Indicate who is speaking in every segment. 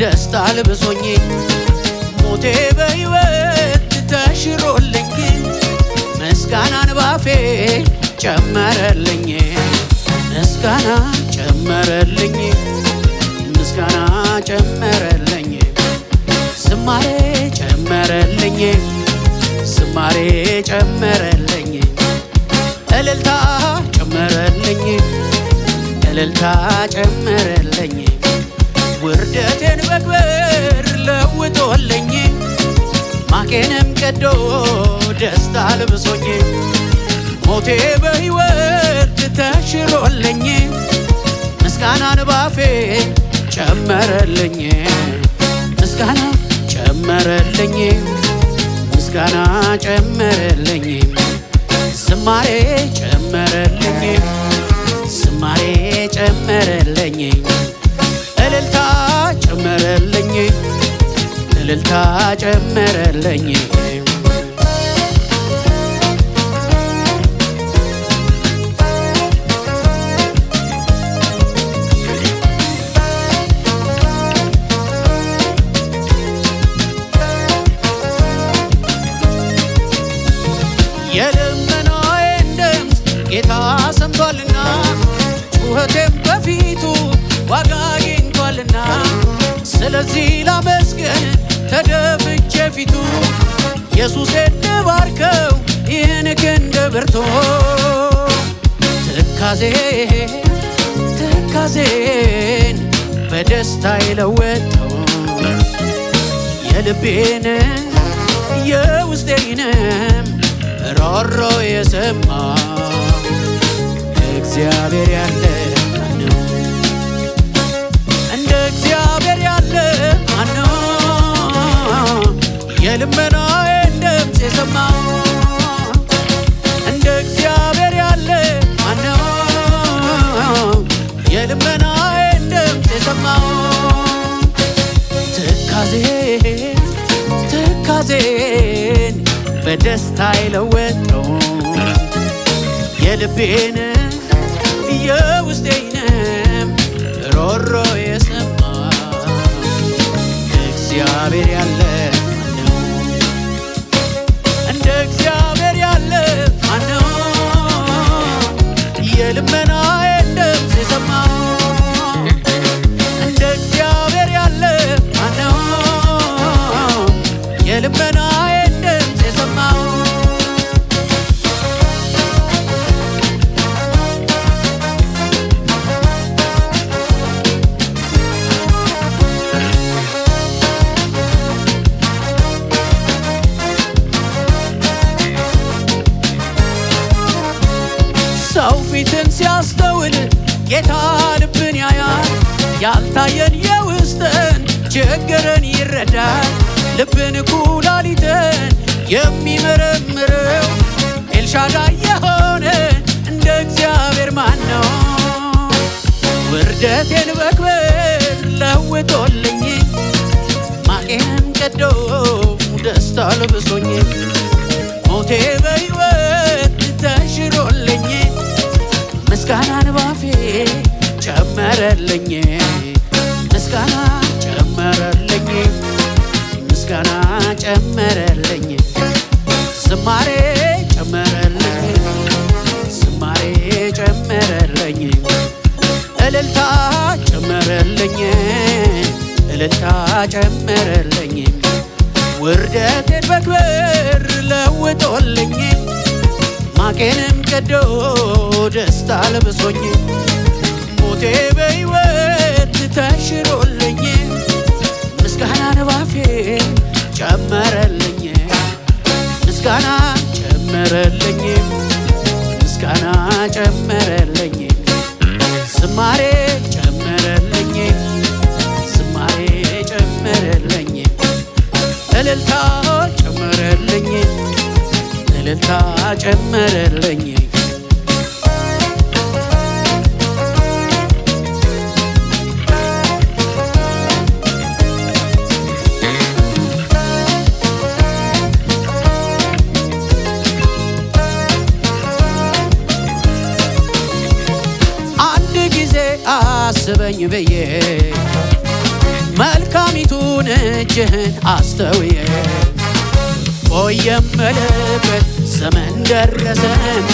Speaker 1: ደስታ ልብሶኝ ሞቴ በሕይወት ተሽሮልኝ ምስጋናን ባፌ ጨመረልኝ ምስጋና ጨመረልኝ ምስጋና ጨመረልኝ ዝማሬ ጨመረልኝ ዝማሬ ጨመረልኝ እልልታ ጨመረልኝ እልልታ ጨመረልኝ ውርደቴን በክብር ለውጦልኝ ማኬንም ቀዶ ደስታ ልብሶኝ ሞቴ በሕይወት ተሽሮልኝ ምስጋናን ባፌ ጨመረልኝ ምስጋና ጨመረልኝ ምስጋና ጨመረልኝ ዝማሬ ጨመረልኝ እልልታ ጨመረልኝ
Speaker 2: የልመናዬን ድምፅ ጌታ ሰምቷልና ጩኸቴም በፊቱ ዋጋ አግኝቷልና ስለዚህ ላመስግን ተደፍቼ ፊቱ ኢየሱስ የደባርከው ይህን ክንድ ብርቶ ትካዜ ትካዜን በደስታ የለወጠው የልቤን የውስጤንም ሮሮ የሰማ እግዚአብሔር ያለ የልመናዬ ድምፅ የሰማው እንደ እግዚአብሔር ያለ ማነው? ድምፅ ትካዜን ትካዜን በደስታ የለወጠው የልቤን የውስጤንም ሮሮ የሰማ እግዚአብሔር ያለ
Speaker 3: ጌታ ልብን ያያል። ያልታየን የውስጥን ችግርን ይረዳል። ልብን ኩላሊትን የሚመረምረው ኤልሻዳይ የሆነ እንደ እግዚአብሔር ማን ነው?
Speaker 1: ውርደቴን በክብር ለውጦልኝ ማቄም ቀዶ ደስታ ልብሶኝ ሞቴ በሕይወት ተሽሮልኝ ምስጋናን ጨመረልኝ ምስጋና ጨመረልኝ ምስጋና ጨመረልኝ ዝማሬ ጨመረልኝ ዝማሬ ጨመረልኝ እልልታ ጨመረልኝ እልልታ ጨመረልኝ ውርደቴን በክብር ለውጦልኝ ማቄንም ቀዶ ደስታ ለብሶኝ ሞቴ በሕይወት ተሽሮልኝ ምስጋና ባፌ ጨመረልኝ ምስጋና ጨመረልኝ ምስጋና ጨመረልኝ ዝማሬ ጨመረልኝ ዝማሬ ጨመረልኝ እልልታ ጨመረልኝ እልልታ ጨመረልኝ
Speaker 4: አስበኝ ብዬ መልካሚቱን እጅህን አስተውየ ቆየመለበት ዘመን ደረሰና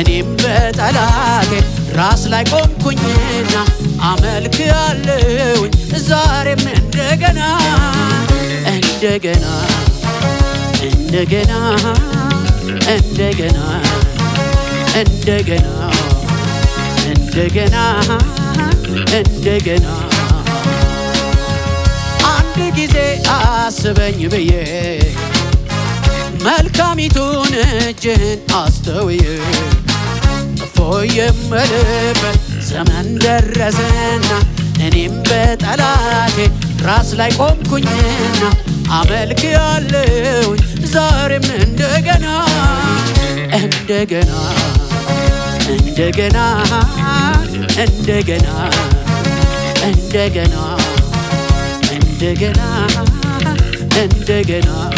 Speaker 4: እኔም በጠላቴ ራስ ላይ ቆምኩኝና አመልክ አለውኝ ዛሬም እንደገና እንደገና እንደገና እንደገና እንደገና እንደገና እንደገና አንድ ጊዜ አስበኝ ብዬ መልካሚቱን እጅህን አስተውዬ እፎይ የምልበት ዘመን ደረሰና እኔም በጠላቴ ራስ ላይ ቆምኩኝና አመልክ ያለውኝ ዛሬም እንደገና እንደገና እንደገና እንደገና እንደገና እንደገና እንደገና